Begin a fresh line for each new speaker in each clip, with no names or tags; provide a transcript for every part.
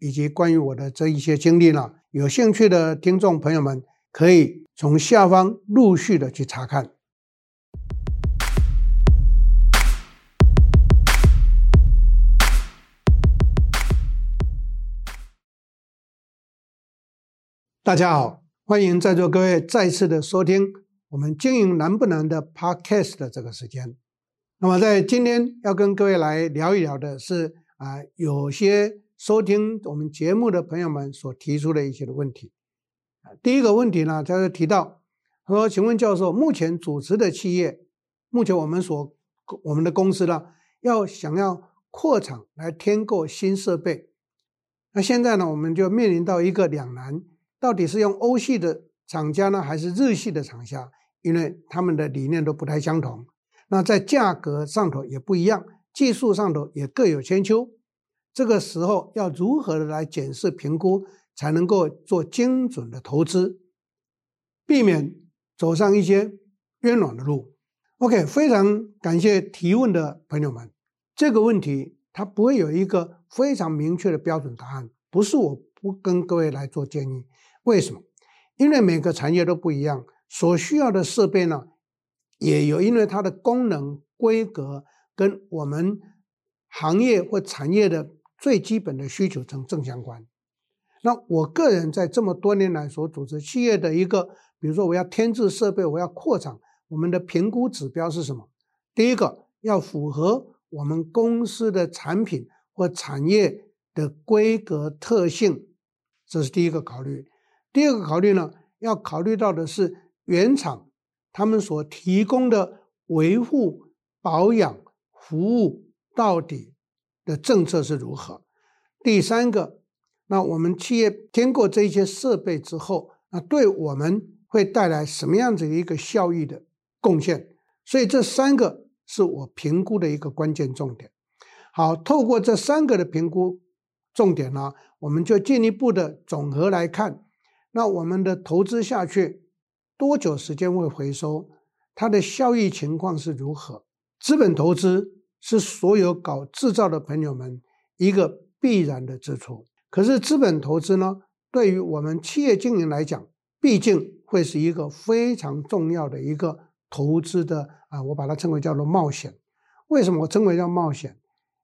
以及關於我的這一些經歷呢、啊，有興趣的聽眾朋友們可以從下方陸續的去查看。大家好，歡迎在座各位再次的收聽我們“經營難不難”的 Podcast 的這個時間。那麼，在今天要跟各位來聊一聊的是啊、呃，有些。收聽我們節目的朋友們所提出的一些的問題，第一個問題呢，他就提到，他說：“請問教授，目前主持的企業，目前我們所我們的公司呢，要想要擴廠來添購新設備，那現在呢，我們就面臨到一個兩難，到底是用歐系的廠家呢，還是日系的廠家？因為他們的理念都不太相同，那在價格上頭也不一樣，技術上頭也各有千秋。”這個時候要如何的來檢視評估，才能夠做精準的投資，避免走上一些冤枉的路？OK，非常感謝提問的朋友們。這個問題它不會有一個非常明確的標準答案，不是我不跟各位來做建議。為什麼？因為每個產業都不一樣，所需要的設備呢，也有因為它的功能規格跟我們行業或產業的。最基本的需求呈正相關。那我個人在這麼多年來所組織企業的一個，比如說我要添置設備，我要擴廠，我們的評估指標是什麼？第一個要符合我們公司的產品或產業的規格特性，這是第一個考慮。第二個考慮呢，要考慮到的是原廠他們所提供的維護保養服務到底，的政策是如何？第三個，那我們企業經過這一些設備之後，那對我們會帶來什麼樣子的一個效益的貢獻？所以這三個是我評估的一個關鍵重點。好，透過這三個的評估重點呢、啊，我們就進一步的總和來看，那我們的投資下去多久時間會回收？它的效益情況是如何？資本投資。是所有搞製造的朋友們一個必然的支出。可是資本投資呢，對於我們企業經營來講，畢竟會是一個非常重要的一個投資的啊，我把它稱為叫做冒險。為什麼我稱為叫冒險？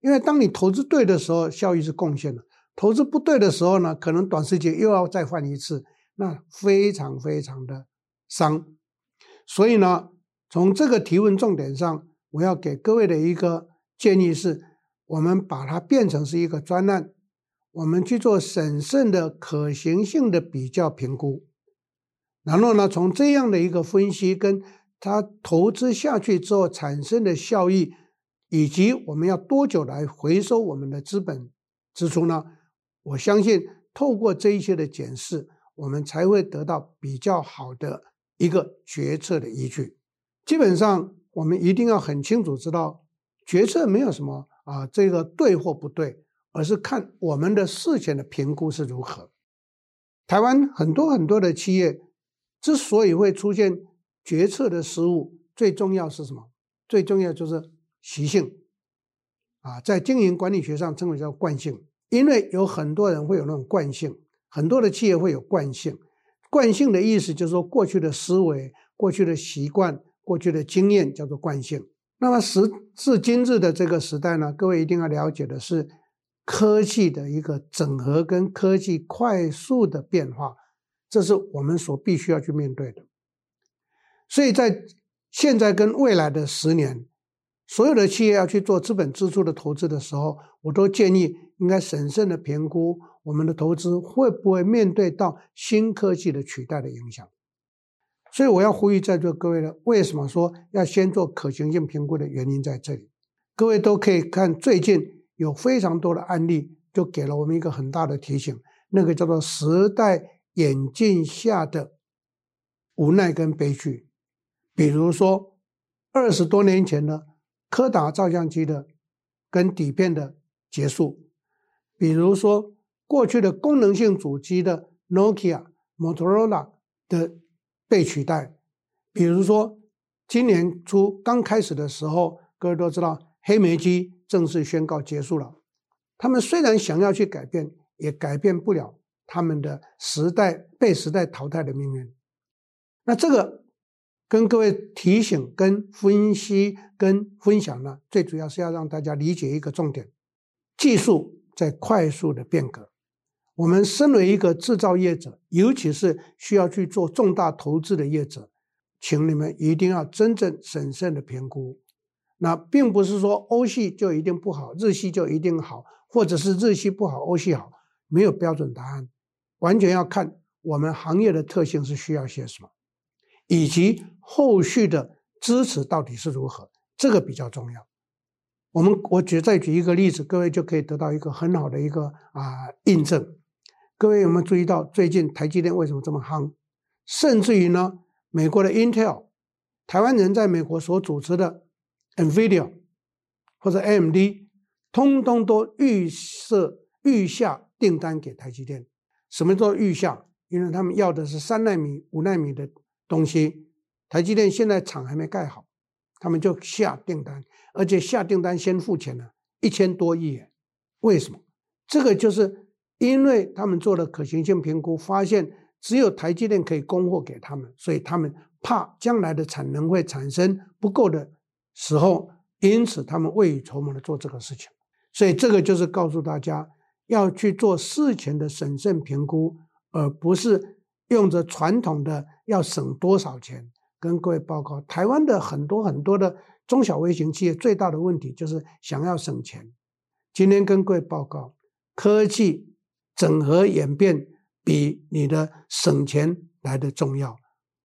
因為當你投資對的時候，效益是貢獻的；投資不對的時候呢，可能短時間又要再換一次，那非常非常的傷。所以呢，從這個提問重點上。我要給各位的一個建議是，我們把它變成是一個專案，我們去做審慎的可行性的比較評估，然後呢，從這樣的一個分析，跟它投資下去之後產生的效益，以及我們要多久來回收我們的資本支出呢？我相信透過這一些的檢視，我們才會得到比較好的一個決策的依據。基本上，我們一定要很清楚知道，決策沒有什麼啊，這個對或不對，而是看我們的事前的評估是如何。台灣很多很多的企業之所以會出現決策的失誤，最重要是什麼？最重要就是習性，啊，在經營管理學上稱為叫慣性。因為有很多人會有那種慣性，很多的企業會有慣性。慣性的意思就是說，過去的思維、過去的習慣。過去的經驗叫做慣性。那麼時至今日的這個時代呢？各位一定要了解的是，科技的一個整合跟科技快速的變化，這是我們所必須要去面對的。所以在現在跟未來的十年，所有的企業要去做資本支出的投資的時候，我都建議應該審慎的評估我們的投資會不會面對到新科技的取代的影響。所以我要呼籲在座各位呢，為什麼說要先做可行性評估的原因在這裡？各位都可以看，最近有非常多的案例，就給了我們一個很大的提醒，那個叫做時代眼鏡下的無奈跟悲劇。比如說，二十多年前的柯達照相機的跟底片的結束；比如說，過去的功能性主機的 Nokia、ok、Motorola 的。被取代，比如說今年初剛開始的時候，各位都知道黑莓機正式宣告結束了。他們雖然想要去改變，也改變不了他們的時代，被時代淘汰的命運。那這個跟各位提醒、跟分析、跟分享呢，最主要是要讓大家理解一個重點：技術在快速的變革。我們身為一個製造業者，尤其是需要去做重大投資的業者，請你們一定要真正審慎的評估。那並不是說歐系就一定不好，日系就一定好，或者是日系不好，歐系好，沒有標準答案，完全要看我們行業的特性是需要些什麼，以及後續的支持到底是如何，這個比較重要。我們我舉再舉一個例子，各位就可以得到一個很好的一個啊、呃、印證。各位有沒有注意到最近台積電為什麼這麼夯？甚至於呢，美國的 Intel、台灣人在美國所主持的 NVIDIA 或者 AMD，通通都預設預下訂單給台積電。什麼叫預下？因為他們要的是三納米、五納米的東西，台積電現在廠還沒蓋好，他們就下訂單，而且下訂單先付錢呢，啊，一千多億耶。為什麼？這個就是。因為他們做了可行性評估，發現只有台積電可以供貨給他們，所以他們怕將來的產能會產生不夠的時候，因此他們未雨綢繆的做這個事情。所以這個就是告訴大家要去做事前的審慎評估，而不是用着傳統的要省多少錢。跟各位報告，台灣的很多很多的中小微型企業最大的問題就是想要省錢。今天跟各位報告，科技。整合演變比你的省錢來得重要，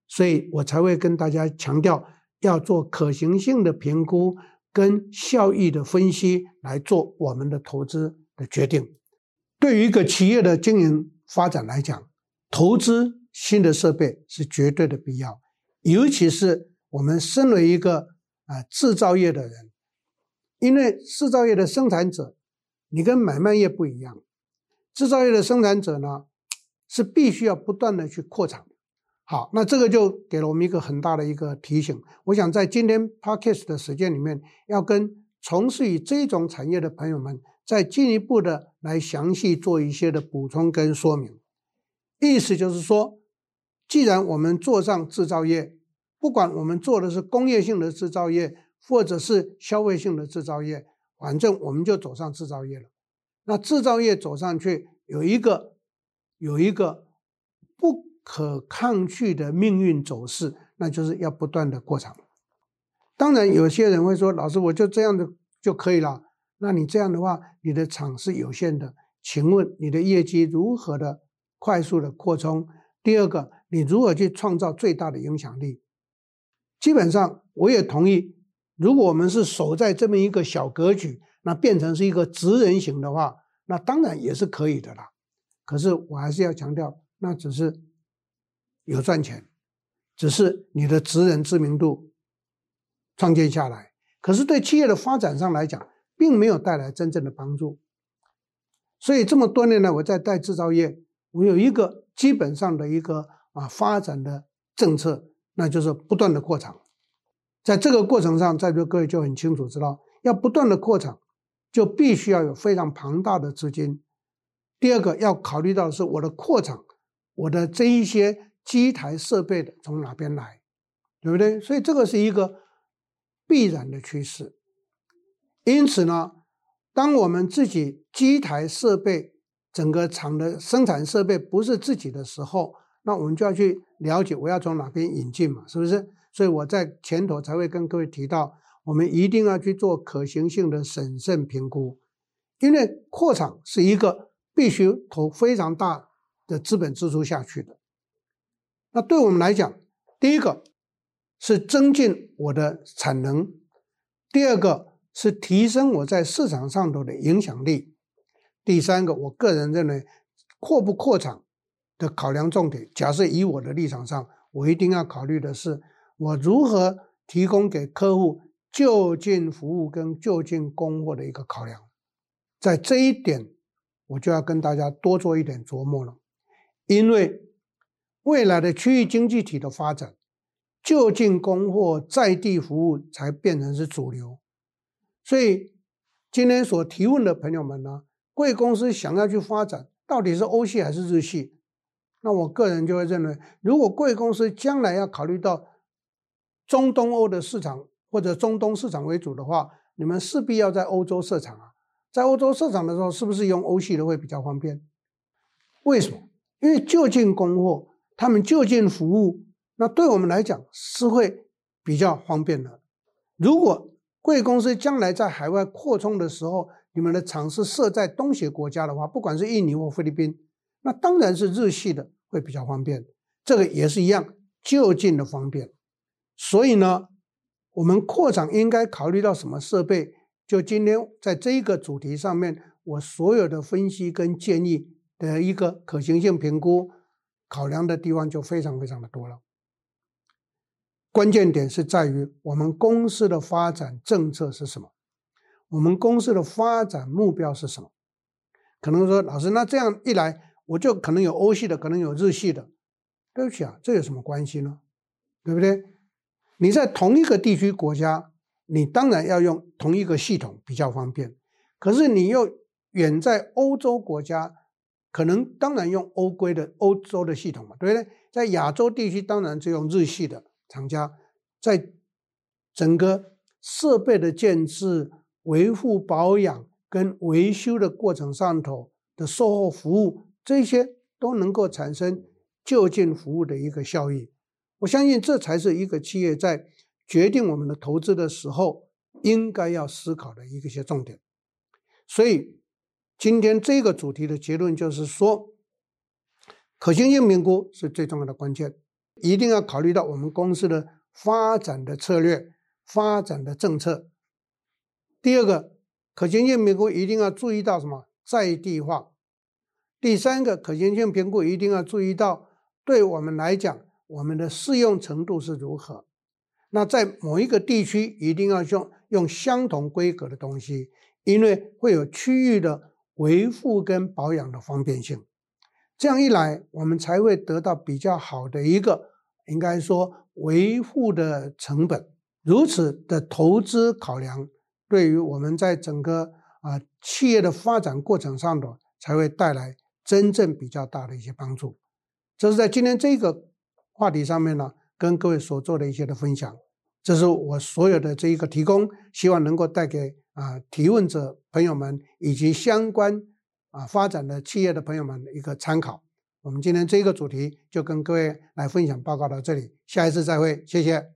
所以我才會跟大家強調要做可行性的評估跟效益的分析來做我們的投資的決定。對於一個企業的經營發展來講，投資新的設備是絕對的必要，尤其是我們身為一個啊製造業的人，因為製造業的生產者，你跟買賣業不一樣。製造業的生產者呢，是必須要不斷的去擴廠。好，那這個就給了我們一個很大的一個提醒。我想在今天 Podcast 的時間裡面，要跟從事於這種產業的朋友們，再進一步的來詳細做一些的補充跟說明。意思就是說，既然我們做上製造業，不管我們做的是工業性的製造業，或者是消費性的製造業，反正我們就走上製造業了。那製造業走上去有一個有一個不可抗拒的命運走勢，那就是要不斷的擴廠。當然，有些人會說：“老師，我就這樣的就可以了。”那你這樣的話，你的廠是有限的。請問你的業績如何的快速的擴充？第二個，你如何去創造最大的影響力？基本上，我也同意。如果我們是守在這麼一個小格局，那變成是一個職人型的話，那當然也是可以的啦。可是我還是要強調，那只是有賺錢，只是你的職人知名度創建下來，可是對企業的發展上來講，並沒有帶來真正的幫助。所以這麼多年呢，我在帶製造業，我有一個基本上的一個啊發展的政策，那就是不斷的擴廠。在這個過程上，在座各位就很清楚知道，要不斷的擴廠，就必須要有非常龐大的資金。第二個要考慮到的是，我的擴廠，我的這一些機台設備的從哪邊來，對不對？所以這個是一個必然的趨勢。因此呢，當我們自己機台設備、整個廠的生產設備不是自己的時候，那我們就要去了解我要從哪邊引進嘛，是不是？所以我在前頭才會跟各位提到，我們一定要去做可行性的審慎評估，因為擴廠是一個必須投非常大的資本支出下去的。那對我們來講，第一個是增進我的產能，第二個是提升我在市場上頭的影響力，第三個我個人認為擴不擴廠的考量重點，假設以我的立場上，我一定要考慮的是。我如何提供給客戶就近服務跟就近供貨的一個考量。在這一點我就要跟大家多做一點琢磨了，因為未來的區域經濟體的發展，就近供貨、在地服務才變成是主流，所以今天所提問的朋友們呢，貴公司想要去發展，到底是歐系還是日系？那我個人就會認為，如果貴公司將來要考慮到。中東歐的市場或者中東市場為主的話，你們勢必要在歐洲設廠啊。在歐洲設廠的時候，是不是用歐系的會比較方便？為什麼？因為就近供貨，他們就近服務，那對我們來講是會比較方便的。如果貴公司將來在海外擴充的時候，你們的廠是設在東協國家的話，不管是印尼或菲律賓，那當然是日系的會比較方便。這個也是一樣，就近的方便。所以呢，我們擴展應該考慮到什麼設備？就今天在這個主題上面，我所有的分析跟建議的一個可行性評估考量的地方就非常非常的多了。關鍵點是在於我們公司的發展政策是什麼，我們公司的發展目標是什麼？可能說老師，那這樣一來我就可能有歐系的，可能有日系的。對不起啊，這有什麼關係呢？對不對？你在同一個地區國家，你當然要用同一個系統比較方便。可是你又遠在歐洲國家，可能當然用歐規的歐洲的系統嘛，對不對？在亞洲地區，當然就用日系的廠家。在整個設備的建制、維護、保養跟維修的過程上頭的售後服務，這些都能夠產生就近服務的一個效益。我相信這才是一個企業在決定我們的投資的時候應該要思考的一個些重點。所以今天這個主題的結論就是說，可行性評估是最重要的關鍵，一定要考慮到我們公司的發展的策略、發展的政策。第二個，可行性評估一定要注意到什麼？在地化。第三個，可行性評估一定要注意到對我們來講。我們的適用程度是如何？那在某一個地區，一定要用用相同規格的東西，因為會有區域的維護跟保養的方便性。這樣一來，我們才會得到比較好的一個，應該說維護的成本。如此的投資考量，對於我們在整個啊、呃、企業的發展過程上頭，才會帶來真正比較大的一些幫助。這是在今天這個。話題上面呢，跟各位所做的一些的分享，這是我所有的這一個提供，希望能夠帶給啊、呃、提問者朋友們以及相關啊、呃、發展的企業的朋友們一個參考。我們今天這個主題就跟各位來分享報告到這裡，下一次再會，謝謝。